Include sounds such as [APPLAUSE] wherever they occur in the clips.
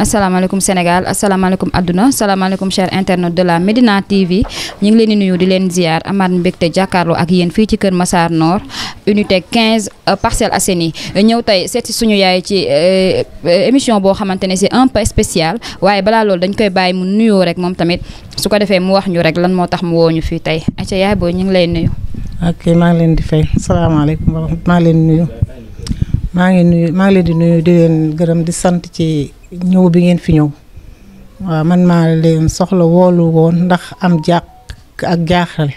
asalaamaaleykum Sénégal asalaamaaleykum adduna salaamaaleykum cher internet de la Médina TV ñu ngi leen di nuyu di leen ziar amaat mbégte jàkkaarloo ak yéen fii ci kër Massar noor unité parcelle euh, Parcelles Assainies ñëw tey seeti suñu yaay ci euh, euh, émission boo xamante ne c'est un peu waaye balaa loolu dañ koy bàyyi mu nuyoo rek moom tamit su ko defee mu wax ñu rek lan moo tax mu woo ñu fii tey ayca yaay booy ñu ngi lay nuyu. ok maa leen di fay salaamaaleykum a ngi ngi nuyu maa ngi leen di nuyu di gërëm di sant ci. ñëw bi ngeen fi ñëw waaw man maa leen soxla woolu woon ndax am jàq ak jaaxal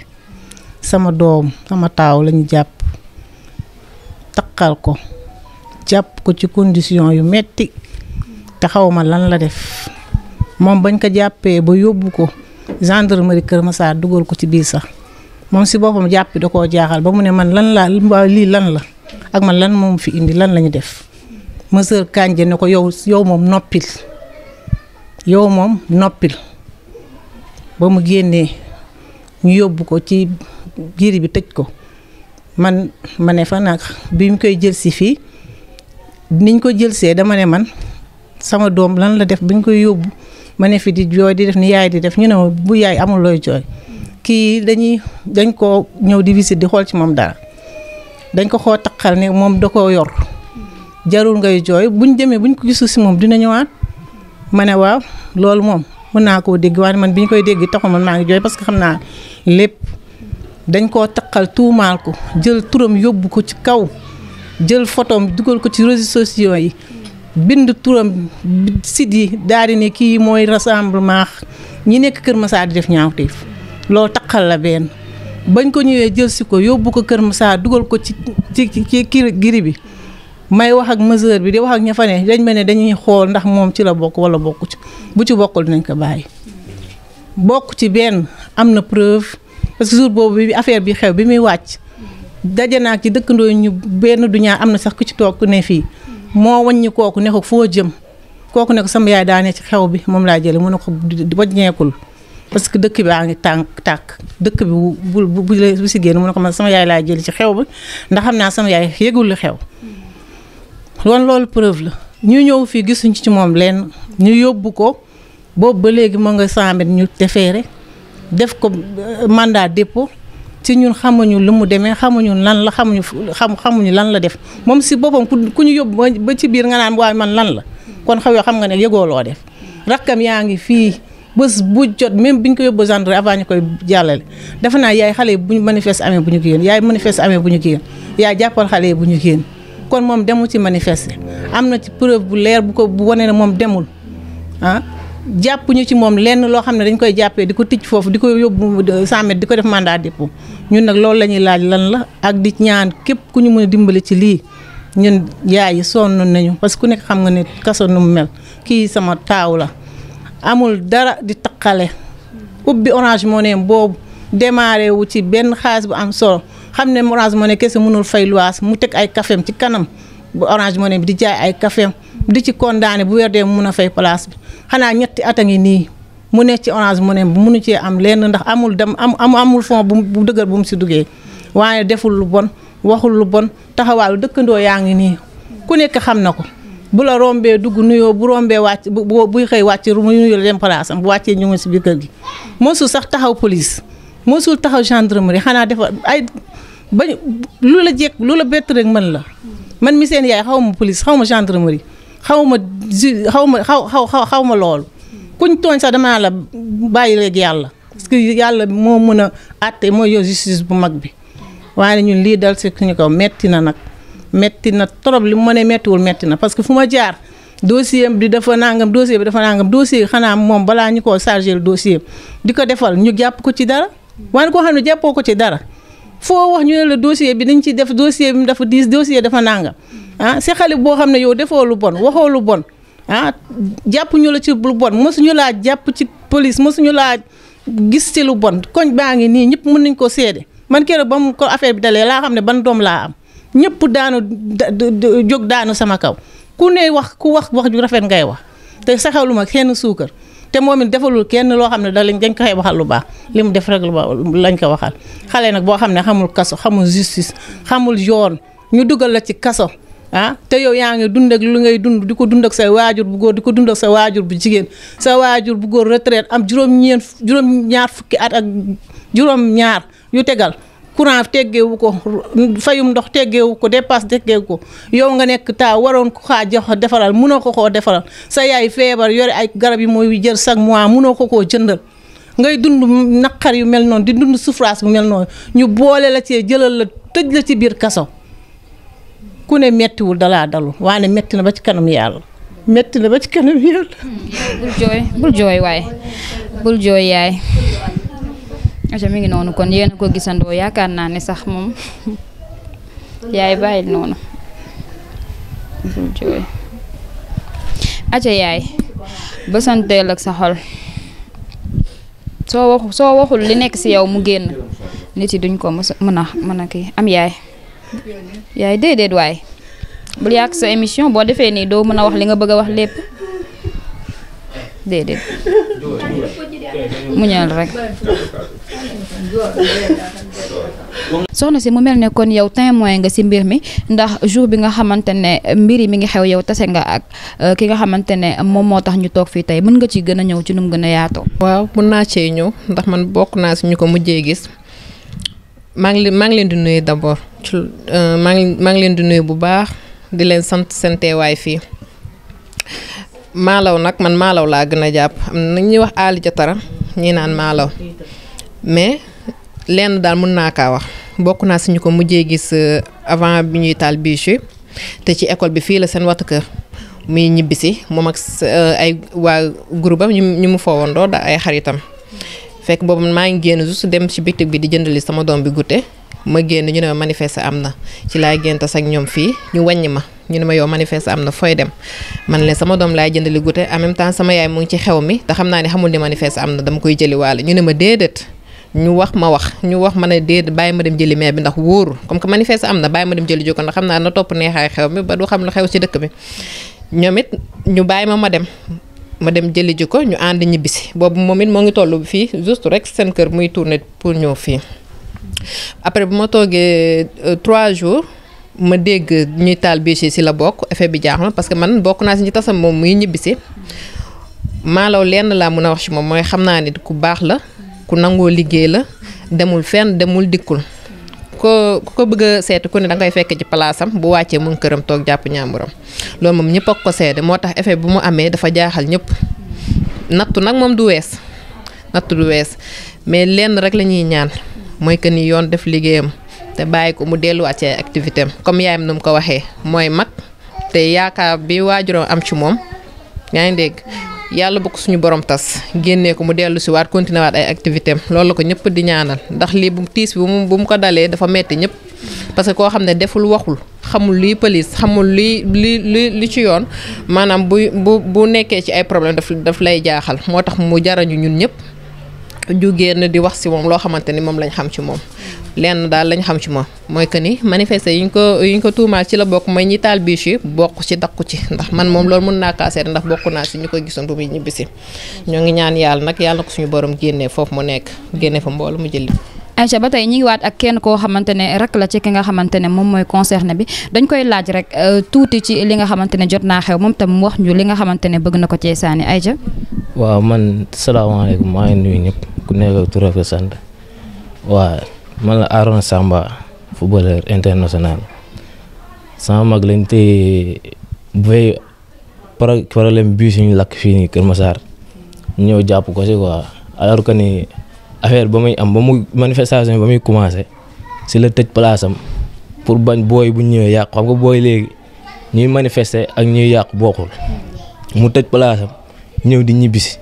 sama doom sama taaw lañu jàpp taqal ko jàpp ko ci condition yu metti te xaw ma lan la def moom bañ ko jàppee ba yóbbu ko gendarmerie Kër Massar dugal ko ci biir sax moom si boppam jàpp da koo jaaxal ba mu ne man lan laa lii lan la ak man lan moom fi indi lan lañu def ma sœur ne ko yow yow moom noppil yow moom noppil ba mu génnee ñu yóbbu ko ci giri bi tëj ko man ma ne fa nag bi ñu koy jël si fii niñ ko jëlsee dama ne man sama doom lan la def bi ñu koy yóbbu ma ne fi di jooy di def ni yaay di def ñu ne ma bu yaay amul looy jooy kii dañuy dañ koo ñëw di visite di xool ci moom daal dañ ko xoo taqal ne moom da koo yor jarul ngay jooy buñ demee buñ ko gisul si moom dina ñëwaat ma ne waaw loolu moom mën naa koo dégg waaye man bi ñu koy dégg taxul man maa ngi jooy parce que xam naa lépp dañ koo taqal tuumaal ko jël turam yóbbu ko ci kaw jël photom dugal ko ci réseaux sociaux yi bind turam site yi daal di ne kii mooy rassemblement ñi nekk Kër Massar di def ñaawteef loolu taqal la benn bañ ko ñëwee jël si ko yóbbu ko Kër Massar dugal ko ci ci ci kii giri bi may wax ak mesure bi di wax ak ña fa ne dañ ma ne dañuy xool ndax moom ci la bokk wala bokku ci bu ci bokkul nañ ko bàyyi. bokk ci benn am na preuve parce que jour boobu bi affaire bi xew bi muy wàcc daje naa ci dëkkandoo ñu benn duñaa am na sax ku ci toog ku ne fii moo waññi kooku ne foo jëm kooku ne ko yaay daane ci xew bi moom laa jëlee mu a ko bañeekul parce que dëkk bi a ngi tànk tànk dëkk bi bu bu bu si génn mun ne ko man sama yaay laay jëlee ci xew bi ndax xam naa sama yaay yëgul li xew. kon loolu preuve la ñu ñëw fii gisuñ ci moom leen ñu yóbbu ko boobu ba léegi ma nga saamet ñu defeere def ko euh, mandat dépôt ci ñun xamuñu lu mu demee xamuñu lan la xamuñu xam xamuñu lan la def moom si boppam ku ñu yóbbu ba ci biir nga naan waaye man lan la kon xaw yoo xam nga ne yëgoo loo def rakkam yaa ngi fii bés bu jot même bi ñu ko yóbbu gendarmerie avant ñu koy jàllale defe naa yaay xale yi bu ñu manifeste amee bu ñu yaay manifeste amee bu ñu génn yaay jàppal xale yi bu ñu génn kon moom demul ci manifester am na ci preuve bu leer bu ko bu wane na moom demul ah jàpp ñu ci moom lenn loo xam ne dañ koy jàppee di ko tij foofu di ko yóbbu 100 di ko def mandat dépôt ñun nag loolu la ñuy laaj lan la ak di ñaan képp ku ñu mën a dimbali ci lii ñun yaay yi sonn nañu parce que ku nekk xam nga ne kaso nu mu mel kii sama taaw la amul dara di taqale ubbi orange moo ne boobu démarré wu ci benn xaalis bu am solo. xam ne Orange Money kese mënul fay luwaas mu teg ay kafem ci kanam bu Orange Money bi di jaay ay kafem di ci condamné bu weer dee mu mun a fay place bi xanaa ñetti at a ngi nii mu ne ci Orange Money bi munu cee am lenn ndax amul dem am amul fond bu dëgër bu mu si duggee waaye deful lu bon waxul lu bon taxawaalu dëkkandoo yaa ngi nii ku nekk xam na ko bu la rombee dugg nuyoo bu rombee wàcc bu buy xëy wàcc mu nuyoo dem place bu wàccee ñu si biir kër gi mosul sax taxaw police mosul taxaw gendarmerie xanaa defar bañ lu la jekk lu la bett rek mën la man mi seen yaay xaw ma police xaw ma gendarmerie xaw ma ju xaw ma xaw xaw xaw ma loolu kuñ tooñ sax damaa la bàyyi rek yàlla parce que yàlla moo mën a àtte mooy yor justice bu mag bi waaye ñun lii dal si suñu kaw metti na nag metti na torob li mu mënee mettiwul metti na parce que fu ma jaar dossier bi dafa nangam dossier bi dafa nangam dossier xanaa moom balaa ñu koo chargé dossier di ko defal ñu jàpp ko ci dara waaye koo xam ne jàppoo ko ci dara. foo wax ñu ne la dossier bi dañ ciy def dossier bi dafa diis dossier dafa nangam ah si xale boo xam ne yow defoo lu bon waxoo lu bon ah jàpp ñu la ci lu bon mosuñu laa jàpp ci police mosuñu laa gis ci lu bon koñ baa ngi nii ñëpp mun nañ koo seede man keroog ba mu ko affaire bi dalee laa xam ne ban doom laa am ñëpp daanu jóg daanu sama kaw ku ne wax ku wax wax ju rafet ngay wax te saxaluma kenn suukar. te moom it defalul kenn loo xam ne da lañ dañ koy waxal lu baax li mu def rek lu baax lañ ko waxal xale nag boo xam ne xamul kaso xamul justice xamul yoon ñu dugal la ci kaso ah te yow yaa ngi dund ak lu ngay dund di ko dund ak sa waajur bu góor di ko dund ak sa waajur bu jigéen sa waajur bu góor retraite am juróom-ñeent juróom-ñaar fukki at ak juróom-ñaar yu tegal courant teggeewu ko fayum ndox teggeewu ko dépasse teggeewu ko yow nga nekk taa waroon ko xaa defaral munoo ko koo defaral sa yaay feebar yore ay garab yi mooy jël chaque mois munoo ko koo jëndal ngay dund naqar yu mel noonu di dund souffrance bu mel noonu ñu boole la cee jëlal la tëj la ci biir kaso ku ne mettiwul dalaa dalul waane metti na ba ci kanam yàlla metti na ba ci kanam yàlla. Hmm. bul jooy bul jooy yaay. aca mi ngi noonu kon yéen a ko gisandoo yaakaar naa ne sax moom [LAUGHS] yaay bàyyil noonu bul yaay bësanteel ak sa xol soo waxu soo waxul li nekk ci yow mu génn nit yi duñ ko mën a mën a kii am yaay yaay déedéet waay bul yàq sa émission boo defee nii doo mën a wax li nga bëgg a wax lépp déedéet muñal rek soxna si mu mel ne kon yow témoin nga ci mbir mi ndax jour bi nga xamante ne mbir yi mi ngi xew yow tase nga ak euh, ki nga xamante ne moom moo tax ñu toog fii tey mën nga ci gën a ñëw ci nu mu gën a yaatoo. waaw mën naa cee ñëw ndax man bokk naa si ñu ko mujjee gis maa ngi leen leen di nuyu d'abord ci euh, maa ngi leen di nuyu bu baax di leen sant seen fii. maalaw nag man maalaw laa gën a jàpp am na ñuy wax aali jatara naan maalaw mais lenn daal mun naa kaa wax bokk naa suñu ko mujjee gis euh, avant bi ñuy taal bûche te ci école bi fii la seen wattu kër muy ñibbisi moom ak euh, ay waa groupe am ñu mu foowandoo da ay xaritam fekk boobu maa ngi génn juste dem ci bitig bi di jëndali sama doom bi goûter ma génn ñu ne ma manifeste am na ci laay génn tas ak ñoom fii ñu wàññi ma ñu ne ma yow manifeste am na fooy dem man leen sama doom laay jëndali goûter en même temps sama yaay mu ci xam naa ne xamul ne manifeste am na dama koy jëliwaale ñu ne ma déedéet ñu wax ma wax ñu wax ma ne déet bàyyi ma dem jëli mais bi ndax wóoru comme que manifeste am na bàyyi ma dem jëli ko ndax xam naa na topp neexaay xew mi ba du xam lu xew ci dëkk bi ñoom it ñu bàyyi ma ma dem ma dem jëli ji ko ñu ànd ñibbisi boobu moom it moo ngi toll fii juste rek seen kër muy tourner pour ñëw fii après bu ma toogee euh, trois jours ma dégg ñuy taal bii si la bokk effet bi jaaxul parce que man bokk naa si ñi tasam moom muy ñibbisi maalaw lenn laa mën a wax si moom mooy xam naa ni ku baax la ku nangoo liggéey la demul fenn demul dikkul ko ku ko bëgg a seeti ku ne da ngay fekk ci palaasam bu wàccee mu këram toog jàpp ñaamuram loolu moom ñëpp a ko seede moo tax effet bu mu amee dafa jaaxal ñëpp nattu nag moom du wees nattu du wees mais lenn rek la ñuy ñaan mooy que ni yoon def liggéeyam te bàyyi ko mu delluwaat ci ay activité am comme yaayam nu mu ko waxee mooy mag te yaakaar bi waajuroo am ci moom yaa ngi dégg yàlla bu ko suñu borom tas génnee ko mu dellu si waat continué ay activité am loolu la ko ñëpp di ñaanal ndax lii bu tiis bi mu bu mu ko dalee dafa metti ñëpp parce que koo xam ne deful waxul xamul luy police xamul luy li li li ci yoon maanaam bu bu bu nekkee ci ay problème daf daf lay jaaxal moo tax mu jarañu ñun ñëpp ju génn di wax si moom loo xamante ni moom lañ xam ci moom lenn daal lañ xam ci moom mooy que ni manifester yi ñu ko yi ñu ko tuumaal ci la bokk mooy ñi taal biche yi bokk ci takku ci ndax man moom loolu mën naa kaaseer ndax bokk naa si ñu ko gisoon bu muy ñibbisi ñoo ngi ñaan yàlla nag yàlla ko suñu borom génnee foofu mu nekk génne fa mboolu mu jëli Aïcha ba tey ñi ngi waat ak kenn koo xamante ne rek la ci ki nga xamante ne moom mooy concerné bi dañ koy laaj rek euh, tuuti ci li nga xamante ne jot naa xew moom tam wax ñu li nga xamante ne bëgg na ko cee saani Aïcha waaw man salaamaaleykum maa ngi nuyu ñëpp ku nekk tur ak man la Arona Samba footballeur international sama mag lañ téye bu fay problème bii suñu lakk fii nii Kër Massar ñëw jàpp ko si quoi alors que ni affaire ba muy am ba mu manifestation ba muy commencé si la tëj place pour bañ booy bu ñëwee yàqu xam nga booy léegi ñuy manifester ak ñuy yàqu bokkul mu tëj place am ñëw di ñibbisi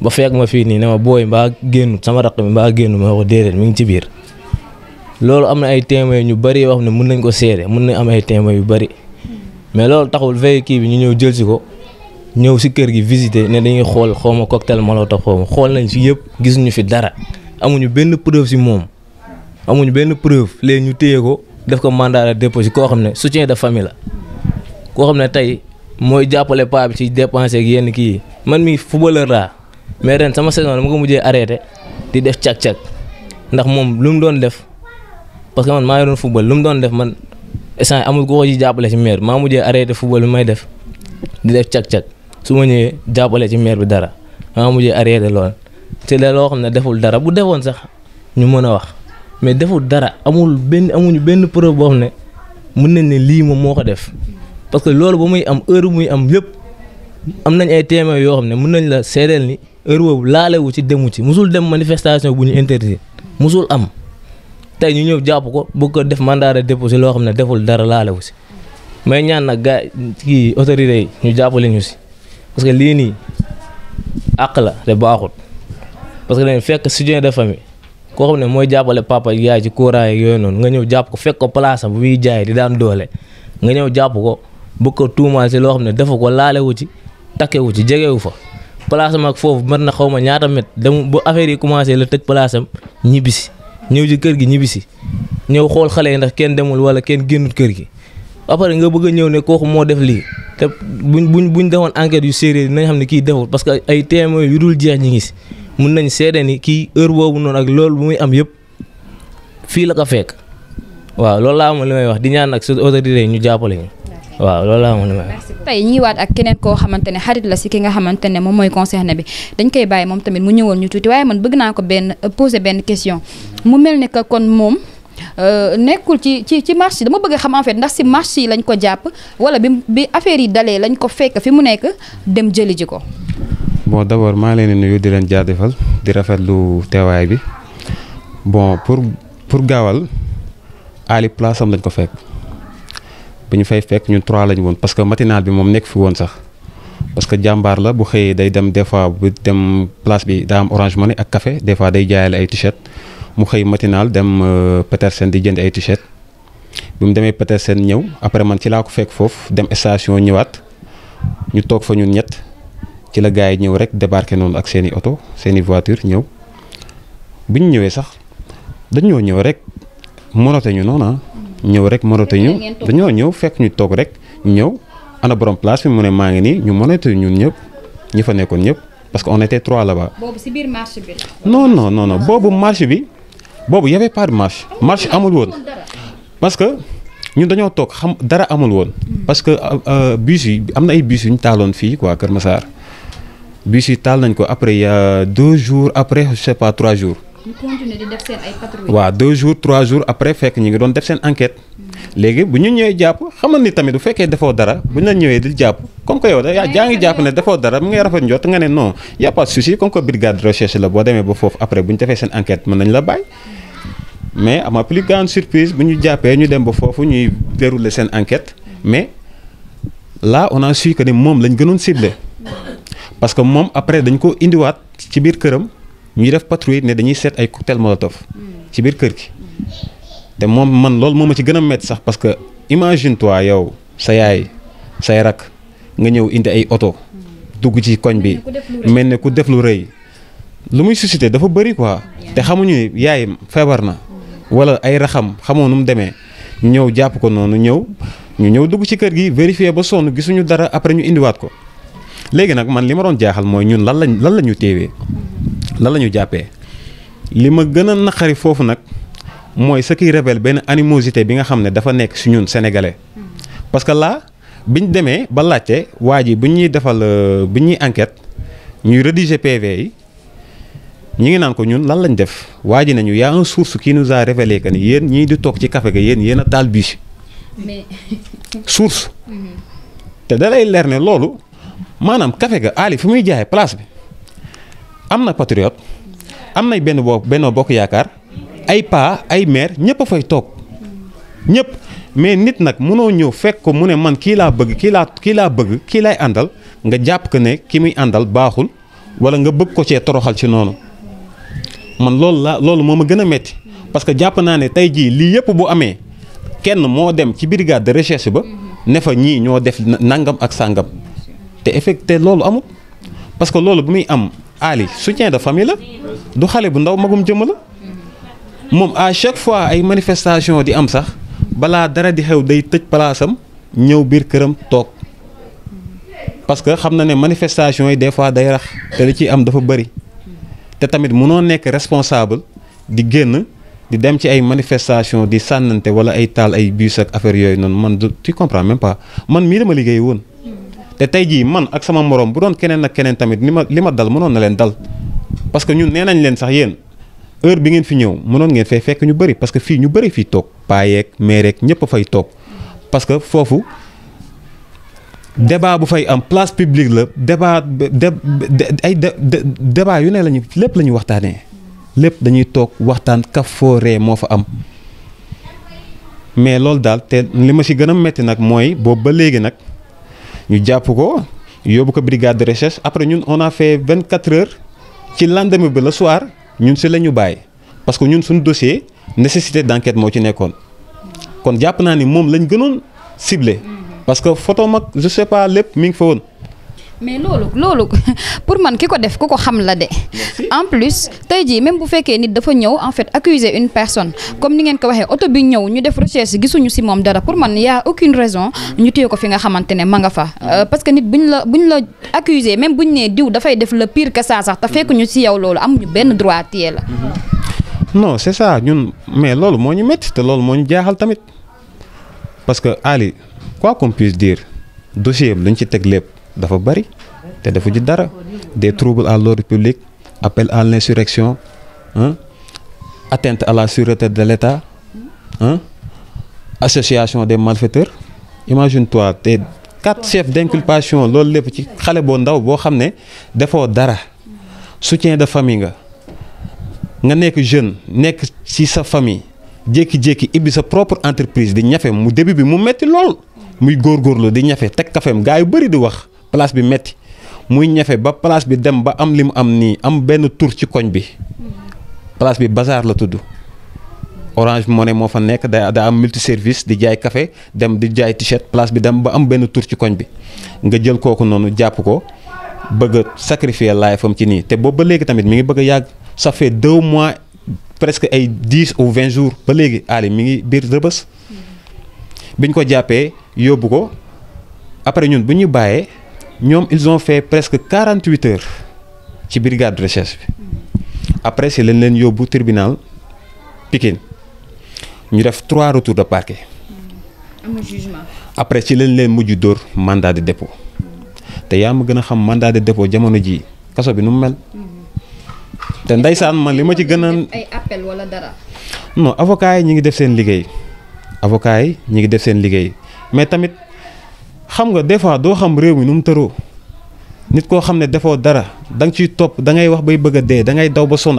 ba fekk ma fii nii ne ma booy mbaa génn sama raq mi mbaa génn ma ko déedéet mi ngi ci biir. loolu am na ay témoins ñu bëri yoo xam ne mën nañ ko seede mun nañ am ay témoins yu bëri mais loolu taxul veille kii bi ñu ñëw jëlsi ko ñëw si kër gi visiter ne dañuy xool xaw ma cocktail molotov xaw ma xool nañu si yëpp gisuñu fi dara amuñu benn preuve si moom amuñu benn preuve léegi ñu téye ko def ko mandat de koo xam ne soutien de famille la koo xam ne tey mooy jàppale paa si dépenser ak yenn kii man mi footballeur laa mais ren sama saison dama ko mujjee arrêté di def cag ndax moom lu mu doon def. parce que man maa ngi doon football lu mu doon def man instant amul ko ko ci jàppale ci maire maa mujjee arrêté football bi may def di def cag-cag su ma ñëwee jàppale ci maire bi dara maa mujjee arrêté lool te da loo xam ne deful dara bu defoon sax ñu mën a wax mais deful dara amul benn amuñu benn preuve boo ne mën nañ ne lii moom moo ko def parce que loolu ba muy am heure muy am yëpp am nañ ay témoins yoo ne mën nañ la seedeel ni heure boobu laalewu ci demu ci musul dem manifestation bu ñu interdit musul am tey ñu ñëw jàpp ko bugg ko def mandat de dépôt si loo xam ne deful dara laalewu si mais ñaan nag gaa kii autorité yi ñu jàppale ñu si parce que lii nii àq la te baaxut parce que dañu fekk soutien de famille koo ne mooy jàppale papa yaay ci courant yooyu noonu nga ñëw jàpp ko fekk ko place am bu di daan doole nga ñëw jàpp ko bëgg ko tuumaal si loo xam ne defu ko laalewu ci takkewu ci jegewu fa place am ak foofu mën na xaw ma ñaata met dem bu affaire yi commencé la tëj place ñibbisi ñëw ci kër gi ñibbisi ñëw xool xale yi ndax kenn demul wala kenn génnut kër gi après nga bëgg a ñëw ne kooku moo def lii te buñ buñ buñ defoon enquête yu sérieux dinañ xam ne kii deful parce que ay témoins yu dul jeex ñi ngi si mun nañu seede ni kii heure boobu noonu ak lool bu muy am yëpp fii la ko fekk waaw loolu laa amoon li may wax di ñaan ak sa autorité ñu jàppale ñu. waaw loolu laa amoon li may wax. tey ñuy waat ak keneen koo xamante ne xarit la si ki nga xamante ne moom mooy concerné bi dañ koy moom tamit mu ñëwoon ñu tuuti waaye man bëgg naa ko benn poser benn question. mu mel ni que kon moom euh, nekkul ci ci ci marché dama bëgg a xam en fait ndax si marché yi lañ ko jàpp wala bi bi affaire yi dalee lañ ko fekk fi mu nekk dem jëli ji ko. bon d' abord maa ngi leen di nuyu di leen jaajëfal di rafet lu teewaay bi bon pour pour gaawal Ali place lañ ko fekk bi ñu fay fekk ñu trois lañ woon parce que matinal bi moom nekk fi woon sax. parce que jàmbaar la bu xëyee day dem des fois bu dem place bi daa am orange money ak café des fois day jaayale ay t mu xëy matinal dem euh, Petersen di jënd ay t-shirt bi mu demee Petersen ñëw après man ci laa ko fekk foofu dem station ñëwaat ñu toog fa ñu ñett ci la gars yi ñëw rek débarqué noonu ak seeni oto seeni i voiture ñëw bi ñu ñëwee sax dañoo ñëw rek monote ñu noonu ah. ñëw rek monote ñu dañoo ñëw fekk ñu toog rek ñëw ana borom place bi mu ne maa ngi nii ñu monote ñun ñëpp ñi fa nekkoon ñëpp parce que on était trois là-bas. boobu boobu marché bi. boobu y par pas de marche marche amul woon parce que ñun dañoo toog xam dara amul woon hmm. parce que euh, euh, bus yi am na ay bus yu ñu taaloon fii quoi Kër Massar bus yi taal nañ ko après y a deux jours après je pas trois jours. ñu continuer di def seen ay patrouilles. deux jours trois jours après fekk ñu ngi doon def seen enquête. léegi bu ñu ñëwee jàpp xamal ni tamit bu fekkee defoo dara bu ñu la ñëwee di jàpp comme que yow da yaa jaa ngi jàpp ne defoo dara mu ngay rafet njort nga ne no y' a pas de souci comme que brigade de recherche la boo demee ba foofu après bu ñu defee seen enquête la bàyyi. mais à ma plus grande bu ñu jàppee ñu dem ba foofu ñuy dérouler seen enquête mais là on a su que ne moom lañ gënoon ciblé parce que moom après dañ ko indiwaat ci biir këram ñuy def patrouille ne dañuy seet ay cocktail molotov ci biir kër gi. te moom man loolu moo ma ci gën a métti sax parce que imagine toi yow sa yaay say rakk nga ñëw indi ay oto dugg ci koñ bi mel ne ku def lu rëy lu muy suscité dafa bëri quoi te xamuñu yaay feebar na wala ay raxam xamoo nu mu demee ñëw jàpp ko noonu ñëw ñu ñëw dugg ci kër gi vérifier ba sonn gisuñu dara après ñu indiwaat ko léegi nag man li ma doon jaaxal mooy ñun lan lañ lan la ñu téewee lan la ñu jàppee li ma gën a naqari foofu nag mooy ce qui révèle benn animosité bi nga xam ne dafa nekk si ñun sénégalais. parce que bi ñu demee ba laajte waa ji bu ñuy defal euh, bu ñuy enquête ñuy rédiger PV yi ñi ngi naan ko ñun lan lañu def waa nañu y a un source qui nous a révélé que ni yéen ñii di toog ci kafe ga yéen yéen a taal bi [LAUGHS] source. Mhm. te dalay leer ne loolu maanaam café ga Ali fi muy jaayee place bi am na patriote am nay benn boo benn bokk yaakaar. ay paa ay maire ñëpp a fay toog ñëpp mais nit nag mënoo ñëw fekk ko mu ne man kii laa bëgg kii laa kii laa bëgg kii laay àndal nga jàpp ko ne ki muy àndal baaxul wala nga bëgg ko cee toroxal ci noonu man loolu laa loolu moom ma gën a metti parce que jàpp naa ne tey jii lii yëpp bu amee kenn moo dem ci brigade de recherche ba ne fa ñii ñoo def nangam ak sàngam te effecté loolu amul parce que loolu bu muy am Ali soutien de famille la du xale bu ndaw magum jëmm la moom à chaque fois ay manifestation di am sax balaa dara di xew day tëj palaasam ñëw biir këram toog parce que xam na ne manifestation yi des fois day rax te li ciy am dafa bëri te tamit munoo nekk responsable di génn di dem ci ay manifestation di sànnante wala ay taal ay bus ak affaire yooyu noonu man du tu comprends même pas man mii dama liggéey woon te tey jii man ak sama moroom bu doon keneen ak keneen tamit li ma li ma dal mënoon na leen dal parce que ñun nee nañ leen sax yéen. heure bi ngeen fi ñëw mënoon ngeen fay fekk ñu bëri parce que fii ñu bëri fii toog paayeeg meereeg ñëpp a fay toog parce que foofu débat bu fay am place publique la débat ay débat yu ne lañu lépp la waxtaanee lépp dañuy toog waxtaan kafooree moo fa am mais loolu daal te li ma si gën a metti nag mooy boobu ba léegi nag ñu jàpp ko yóbbu ko brigade de recherche après ñun on a fait vingt quatre heures ci lendemain bi le soir ñun si la ñu bàyyi parce que ñun suñu dossier nécessité d' enquête moo ci nekkoon kon jàpp naa ni moom lañ gënoon ciblé mm-hmm. parce que photo mag je sais pas lépp mi ngi fa woon mais loolu loolu [LAUGHS] pour man ki ko def ku ko xam la de en plus tey jii même bu fekkee nit dafa ñëw en fait accuser une personne comme ni ngeen ko waxee oto bi ñëw ñu def recherche gisuñu si moom dara pour man y a aucune raison ñu téye ko fi nga xamante ne ma nga fa euh, parce que nit buñ la buñ la accuser même buñ nee diw dafay def le pire que ça sax te fekk ñu si yow loolu amuñu benn droit téye la mm-hmm. non c'est ça ñun mais loolu moo ñu métti loolu moo ñu jaaxal tamit parce que Ali quoi qu'on puisse dire dossier bi lañ ci teg lépp dafa bari te defu ji dara des troubles à l'ordre public appel à l'insurrection atteinte à la sûreté de l'État association des malfaiteurs imagine-toi te quatre chefs d'inculpation loolu lépp ci xale boo ndaw boo xam ne defoo dara soutien de famille nga nga nekk jeune nekk ci sa famille jékki-jékki ibbi sa propre entreprise di ñafe mu début bi mu metti lool muy góorgóorlu di ñafe teg kafem gaa yu bari di wax place bi metti muy ñafe ba place bi dem ba am li mu am nii am benn tur ci koñ bi place bi bazar la tudd Orange Money moo fa nekk da daa am multi service di jaay kafe dem di jaay t-shirt place bi dem ba am benn tur ci koñ bi nga jël kooku noonu jàpp ko bëgg a sacrifier laay fam ci nii te boobu ba léegi tamit mu ngi bëgg a yàgg ça fait mois presque ay dix ou vingt jours ba léegi Ali mu ngi biir rëbës biñ ko jàppee yóbbu ko après ñun bu ñu bàyyee. ñoom ils ont fait presque quarante huit heures ci brigade de recherche bi après ci lañ leen yóbbu tribunal pikin ñu def trois retours de parquet. amul jugement. après ci lañ leen mujj dóor mandat de dépôt te yaa ma gën a xam mandat de dépôt jamono ji kaso bi nu mu mel. Mm-hmm. te ndeysaan ma li ma ci gën a. ay appel yi ñu ngi def seen liggéey avocat yi ñu ngi def seen liggéey mais tamit. xam nga des fois doo xam réew mi nu mu tëroo nit koo xam ne defoo dara da nga ciy topp dangay wax bay bëgg dee da ngay daw ba sonn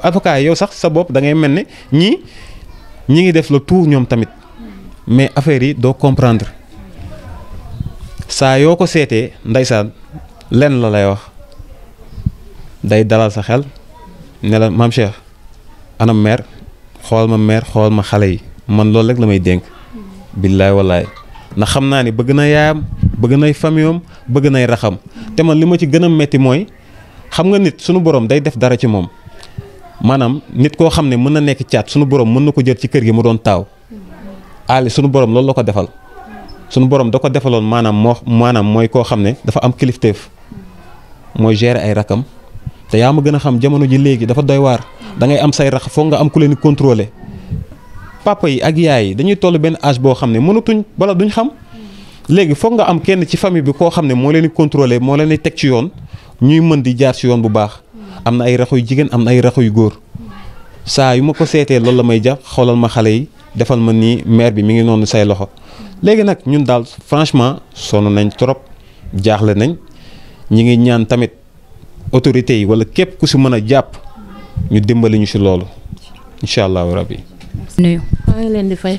avocat yi yow sax sa bopp dangay mel ne ñii ñi ngi def le tout ñoom tamit mais affaire yi doo comprendre saa yoo ko seetee ndeysaan lenn la lay wax day dalal sa xel ne la maam Cheikh anam xool ma mère xool ma xale yi man loolu rek la may dénk billaay wallaay ndax xam naa ni bëgg na yaayam bëgg nay famiyom bëgg nay raxam te man li ma ci gën a métti mooy xam nga nit sunu borom day def dara ci moom maanaam nit koo xam ne mën na nekk caat sunu borom mën na ko jël ci kër gi mu doon taaw aali sunu borom loolu la ko defal sunu borom da ko defaloon maanaam moo maanaam mooy koo xam ne dafa am kilifteef mooy gérer ay rakam te yaa ma gën a xam jamono ji léegi dafa doy waar da ngay am say rax foog nga am ku leen contrôler papa yi ak yaay yi dañuy toll benn âge boo xam ne mënatuñ wala duñ xam léegi foog nga am kenn ci famille bi koo xam ne moo leen di contrôler moo leen di teg ci yoon ñuy mën di jaar ci yoon bu baax am na ay raxu yu jigéen am na ay raxu yu góor saa yu ma ko seetee loolu la may jàpp xoolal ma xale yi defal ma nii mère bi mu ngi noonu say loxo léegi nag ñun daal franchement sonn nañ trop jaaxle nañ ñi ngi ñaan tamit autorités yi wala képp ku si mën a jàpp ñu dimbali si loolu incha allahu rabbi nuyu. maa ngi leen di fay.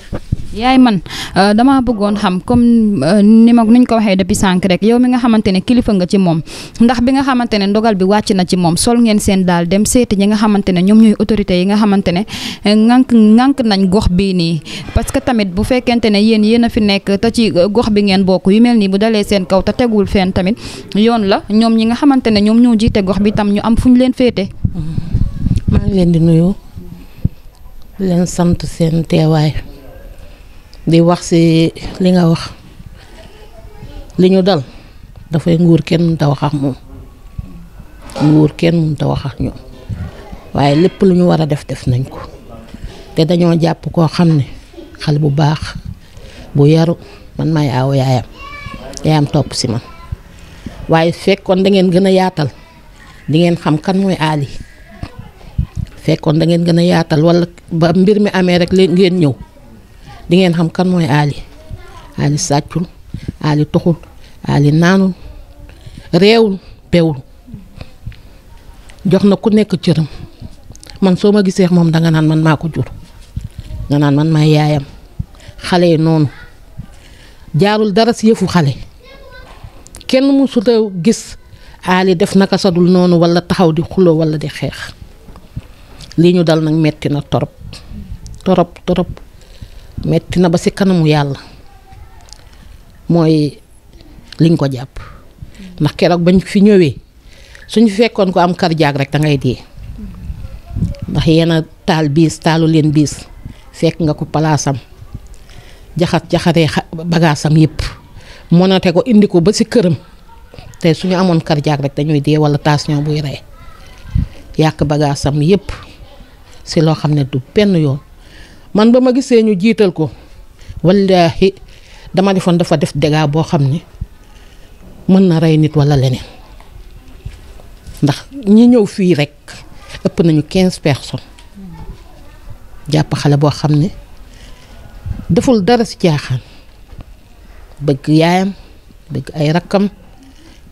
yaay man euh, dama bëggoon xam comme euh, ni ma nuñ ko waxee depuis sànq rek yow mi nga xamante ne kilifa nga ci moom ndax bi nga xamante ne ndogal bi wàcc na ci moom sol ngeen seen daal dem seeti ñi nga xamante ne ñoom ñooy autorités yi nga xamante ne euh, ŋànk ŋànk nañ gox bii nii parce que tamit bu fekkente ne yéen yéen a fi nekk te ci gox bi ngeen bokk yu mel nii bu dalee seen kaw te tegul tamit yoon la ñoom ñi nga xamante ne ñoom ñoo jiite gox bi tam ñu am fu ñu leen féete. maa ngi leen di nuyu. leen sant seen teewaay di wax si li nga wax li ñu dal dafay nguur kenn mënut a wax ak moom nguur kenn mënut a wax ak ñoom waaye lépp lu ñu war a def def nañ ko te dañoo jàpp koo xam ne xale bu baax bu yaru man may aaw yaayam yaayam topp si man waaye fekkoon da ngeen gën a yaatal di ngeen xam kan mooy aali fekkoon da ngeen gën a yaatal walla ba mbir mi amee rek leen ngeen ñëw di ngeen xam kan mooy Ali Ali sàccul Ali toxul Ali naanul réewul pewul jox na ku nekk cëram man soo ma gisee moom danga naan man maa ko jur nga naan man maay yaayam xale yi noonu jaarul dara si yëfu xale kenn mësut a gis Ali def naka sadul noonu wala taxaw di xuloo wala di xeex lii ñu dal nag metti na torop torop torop metti na ba si kanamu yàlla mooy liñ ko jàpp ndax keroog bañ fi ñëwee suñu fekkoon ko am kar rek da ngay dee ndax yenn taal biis taalu leen biis fekk nga ko palaasam jaxat jaxatee bagaasam yëpp monate ko indi ko ba si këram te suñu amoon kar jaag rek dañuy dee wala tension buy rey yàq bagaasam yëpp si loo xam ne du benn yoon man ba ma gisee ñu jiital ko wallaahi dama defoon dafa def dégâts boo xam ne mën na rey nit wala leneen ndax ñi ñëw fii rekk ëpp nañu quinze personnes jàpp xale boo xam ne deful dara ci caaxaan bëgg yaayam bëgg ay rakkam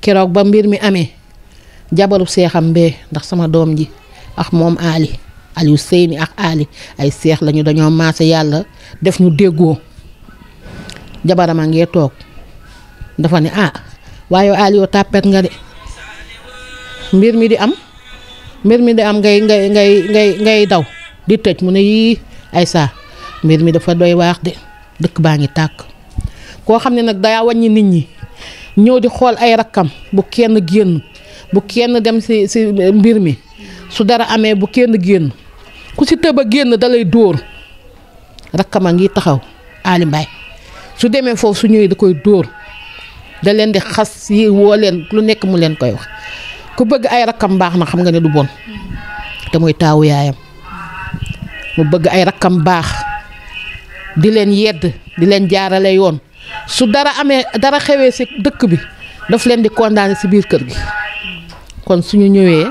keroog ba mbir mi amee jabaru seexam bee ndax sama doom ji ak moom aali Aliou Seyni ak Ali ay seex lañu dañoo maase yàlla def ñu déggoo a ngee toog dafa ne ah waaye Aliou tàppet nga de mbir mi di am mbir mi di am ngay ngay ngay ngay daw di toj mu ne yii ay saa mbir mi dafa doy waax de dëkk baa ngi tàkk koo xam ne nag daa waññi nit ñi ñëw di xool ay rakkam bu kenn génn bu kenn dem si si mbir mi su dara amee bu kenn génn ku si tëb a génn da dóor dóor rakkama ngi taxaw Ali Mbaye su demee foofu su ñëwee da koy dóor da leen di xas yi woo leen lu nekk mu leen koy wax ku bëgg ay rakkam baax na xam nga ne du bon te muy taawu yaayam mu bëgg ay rakkam baax di leen yedd di leen jaarale yoon su dara amee dara xewee si dëkk bi daf leen di kondaane si biir kër gi kon suñu ñëwee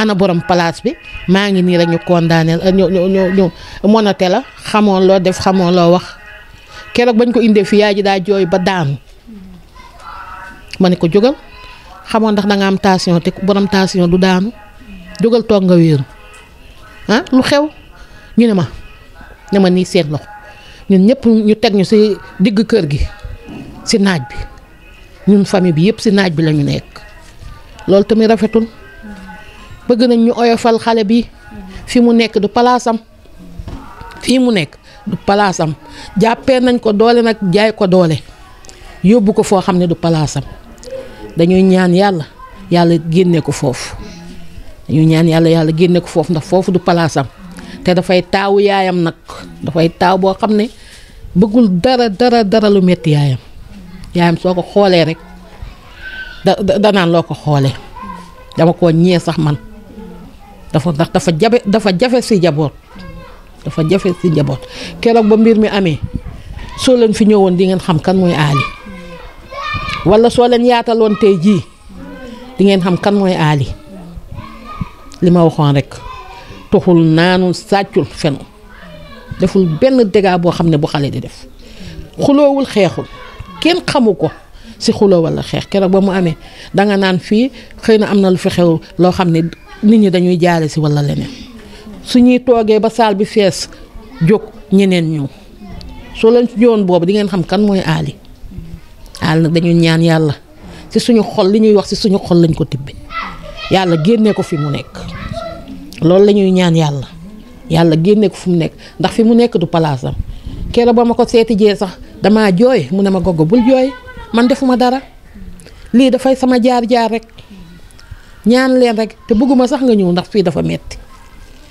ana borom palaas bi maa ngi nii rek ñu condamné ñu ñu ñu ñu monote la xamoon loo def xamoon loo wax keroog bañ ko indee fii yaay ji daa jooy ba daanu ma ne ko jógal xamoon ndax da am tension te borom tension du daanu jógal toog nga wéeru ah lu xew ñu ne ma ne ma nii seen loxo ñun ñëpp ñu teg ñu ci digg kër gi ci naaj bi ñun famille bi yëpp ci naaj bi la ñu nekk loolu tamit rafetul. bëgg nañ ñu oyofal xale bi fi mu nekk du palaasam fii mu nekk du palaasam jàppee nañ ko doole nag jaay ko doole yóbbu ko foo xam ne du palaasam dañuy ñaan yàlla yàlla génne ko foofu dañuy ñaan yàlla yàlla génne ko foofu ndax foofu du palaasam te dafay taawu yaayam nag dafay taaw boo xam ne bëggul dara dara dara lu metti yaayam yaayam soo ko xoolee rek da danaan loo ko xoolee dama ko ñee sax man dafa ndax dafa jafe dafa jafe si njaboot dafa jafe si njaboot keroog ba mbir mi amee soo leen fi ñëwoon di ngeen xam kan mooy aali wala soo leen yaataloon tey jii di ngeen xam kan mooy aali li ma waxoon rek toxul naanu sàccul fenu deful benn dégât boo xam ne bu xale di def xuloowul xeexul kenn xamu ko si xuloo wala xeex keroog ba mu amee danga naan fii xëy na am na lu fi xew loo xam ne nit ñi dañuy jaare si walla leneen su ñuy toogee ba saal bi fees jóg ñeneen ñëw soo leen joon boobu di ngeen xam kan mooy aali aal nag dañuy ñaan yàlla ci suñu xol li ñuy wax si suñu xol lañ ko tibbi yàlla génnee ko fi mu nekk loolu la ñuy ñaan yàlla yàlla génne ko fi mu nekk ndax fi mu nekk du palaasam keroog ba ma ko seeti jee sax damaa jooy mu ne ma gogo bul jooy man defuma dara lii dafay sama jaar jaar rek. ñaan leen rek te bëgguma sax nga ñëw ndax fii dafa metti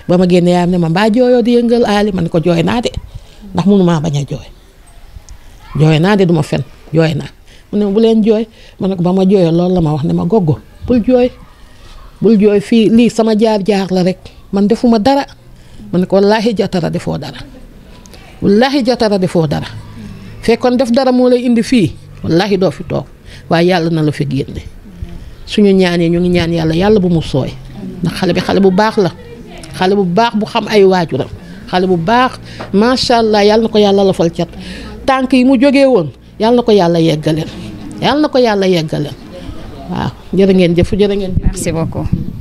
ba ma génne yaayam ne ma mbaa jooyoo di yëngal ali man ko jooy naa de ndax munu maa bañ a jooy jooy naa du ma fen jooy naa mu ne bu leen jooy ma ne ko ba ma jooyoo loolu la ma wax ne ma goggo bul jooy bul jooy fii lii sama jaar-jaar la rek man defuma dara ma ne ko wallaahi jatara defoo dara wallaahi jatara defoo dara fekkoon def dara moo lay indi fii wallaahi doo fi toog waaye yàlla na la fi génne suñu ñaanee ñoo ngi ñaan yàlla yàlla bu mu sooy ndax xale bi xale bu baax la xale bu baax bu xam ay waajuram xale bu baax macha allah yàlla na ko yàlla lafal cat tànk yi mu jóge woon yàlla na ko yàlla yeggaleen yàlla na ko yàlla yeggaleen waaw jërë ngeen jëf jërë ngeen. merci beaucoup.